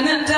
أن أنت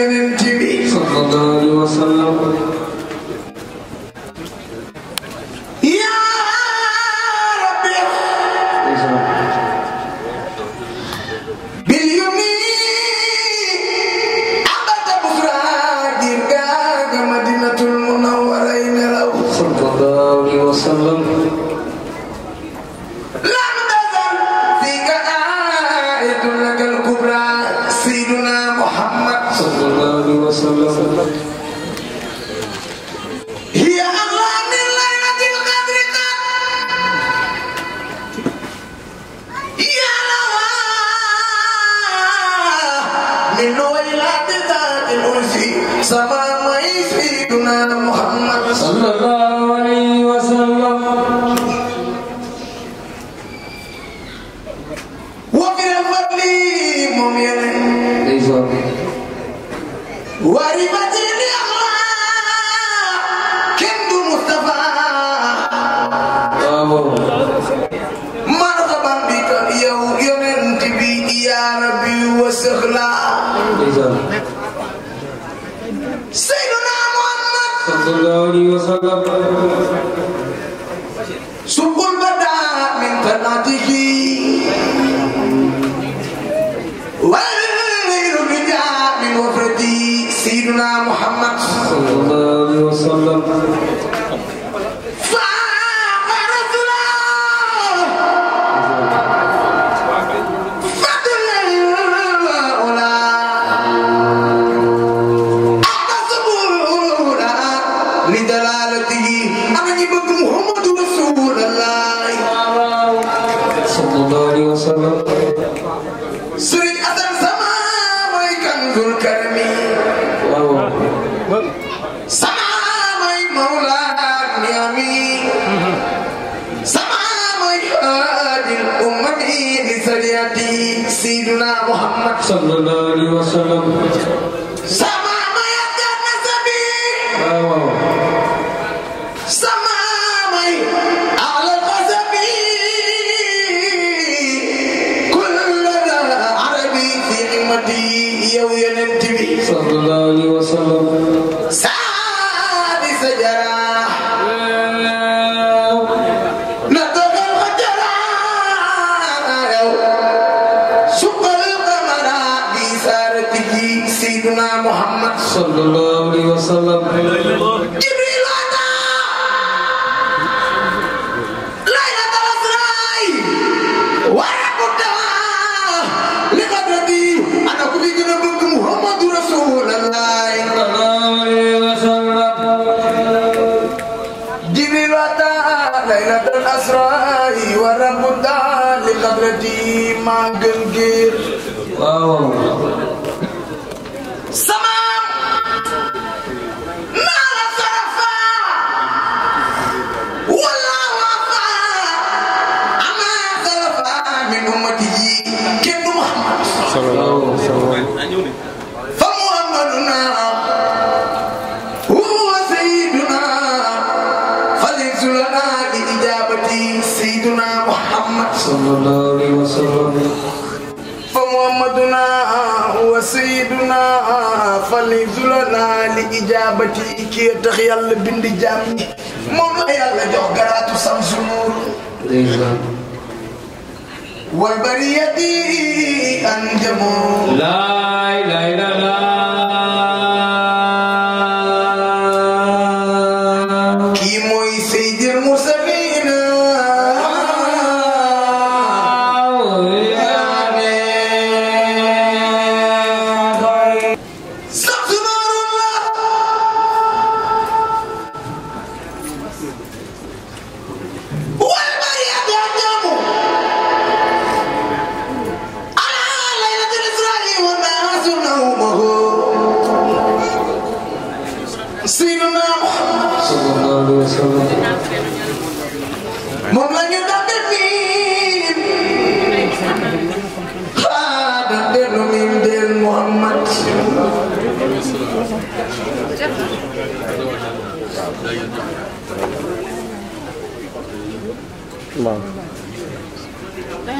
yeneen na ji Seydina Muhammad sallallahu alayhi wa sallam Jibril ata laylatal asraay warakotaa li xadrati ana ku fi gën a bëgg Muhammadu Rasulullah Jibril ata laylatal asraay warakotaa li xadrati maa gën géer waaw min ummatihi kenn Muhammad sallallahu alayhi wa sallam fa Muhammaduna huwa sayyiduna falaysa lana bi ijabati sayyiduna Muhammad sallallahu alayhi wa sallam fa Muhammaduna huwa sayyiduna falaysa lana li ijabati ki tax yàlla bind jaam ñi moom la yàlla jox garaatu samsunuur والبرية أنجم لا إله إلا الله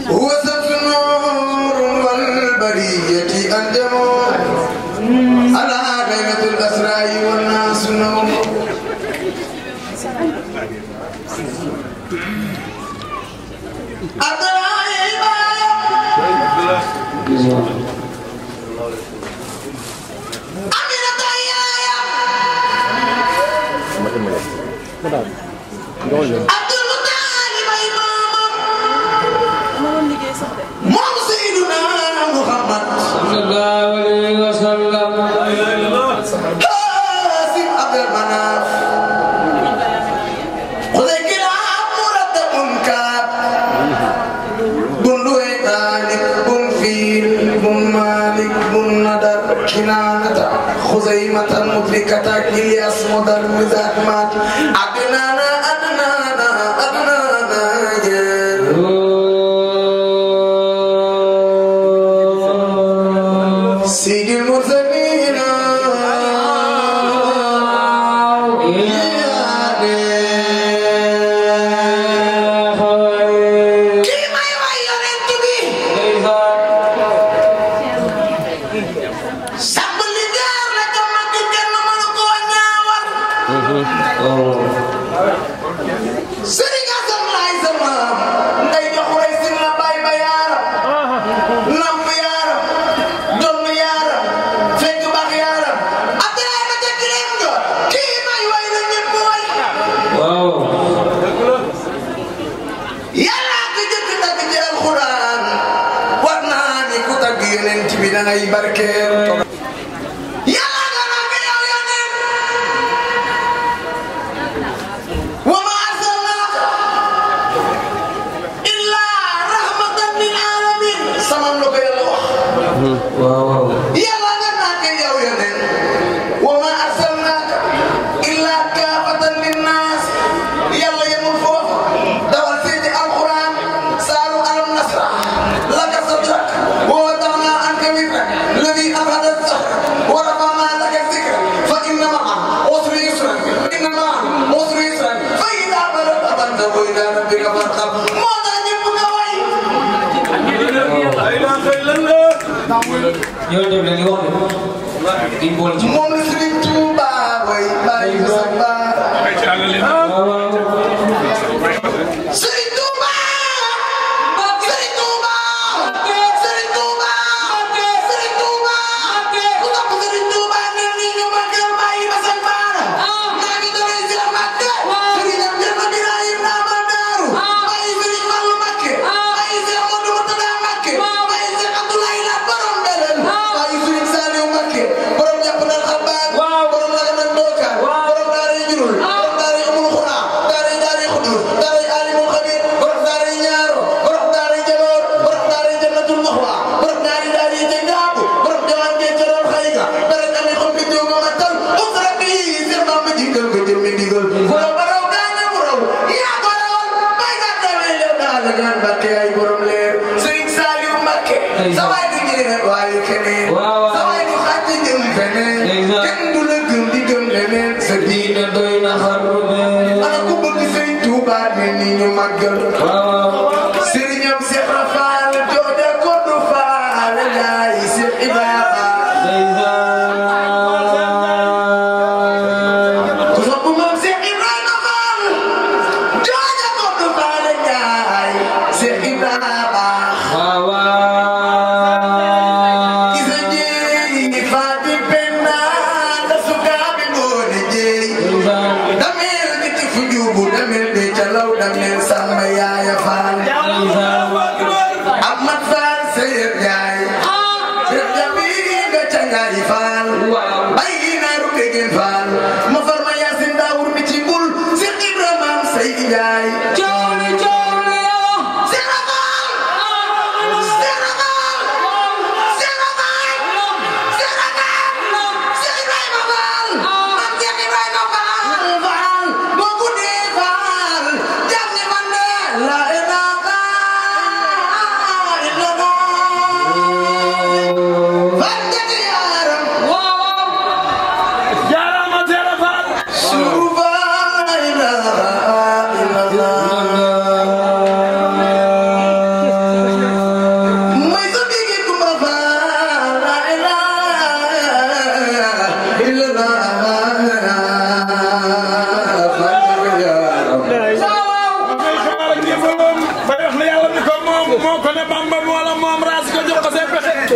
هو ذات النور والبرية أنجم على دائمة الأسرى والناس نوم loolu كتاك الياس مدرمزات ما waaw yonent bi la ñu wax de. moom la Serigne Touba way bàyyi sa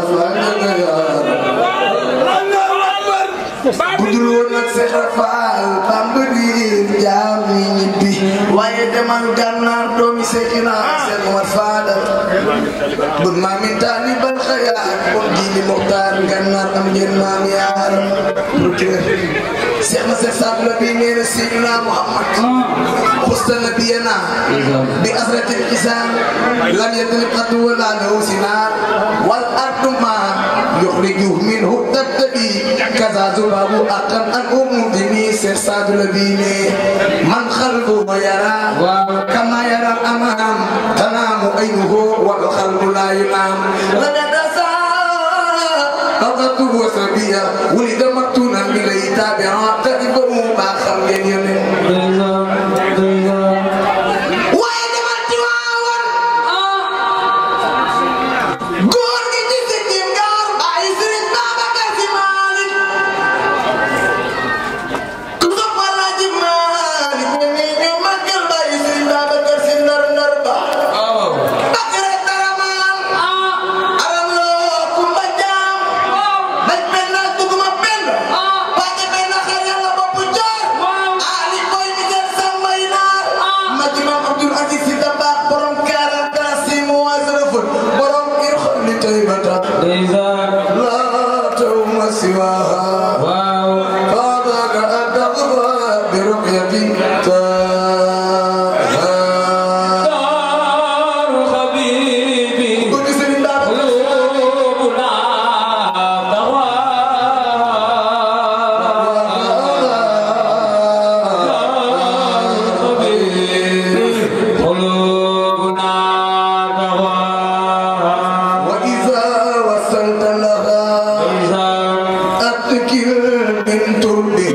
Faal ya Rabb bu dul woon nag Seex Faal Bamba di jaam ñi ñibbi waaye demal gànnaar doomi Seydina Seex Faal bëgg maamin taaliban xayaat kon diini muxtaar gannaar am ngeen maam yaar Seex ma Seex Saadu la bii nee na Seydina Muhammad xusta nabiyana bi asratil isaan lam yatlib xat wala law sinaar wal arduma yuxriju minhu tattabi kaza zubabu aqan an umudini Seex Saadu la bii nee man xalbu ma yara kama yara amaam tanaam غيره والخلق لا ينام لدى تساءلت وسبيا ولد من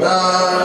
la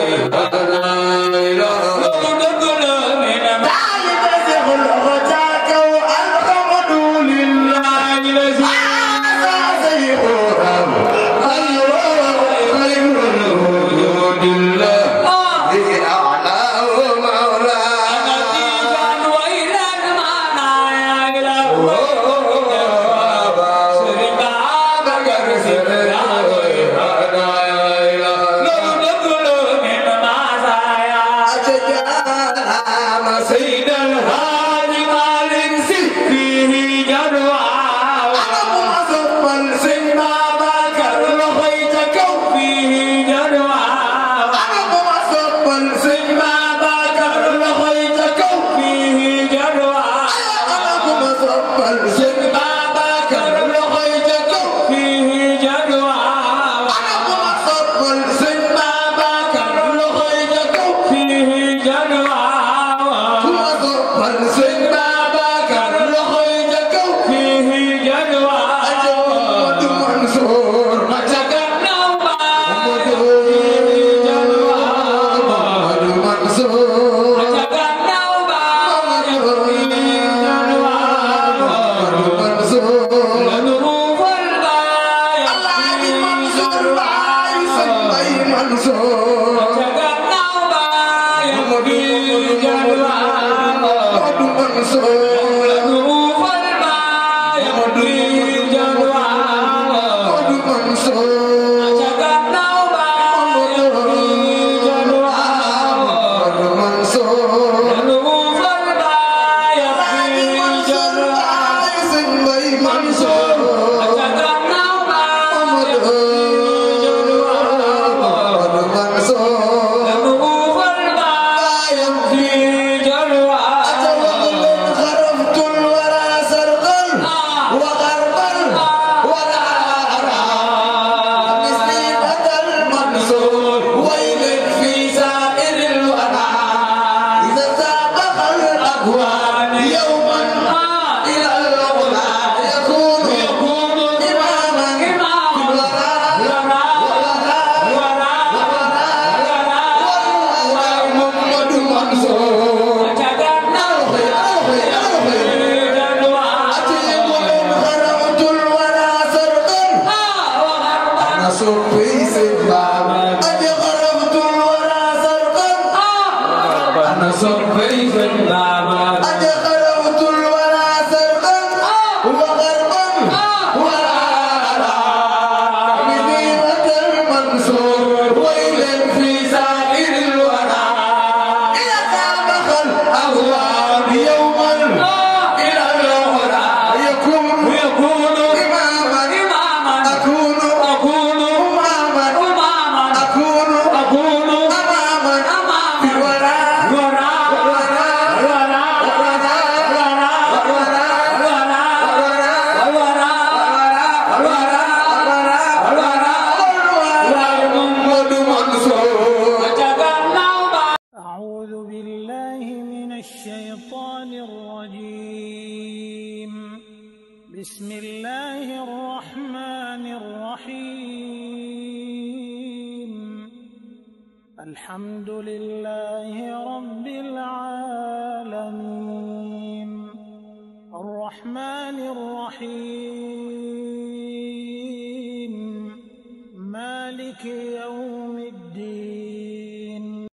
سيد الهادي مالك سي فيه جدوى الحمد لله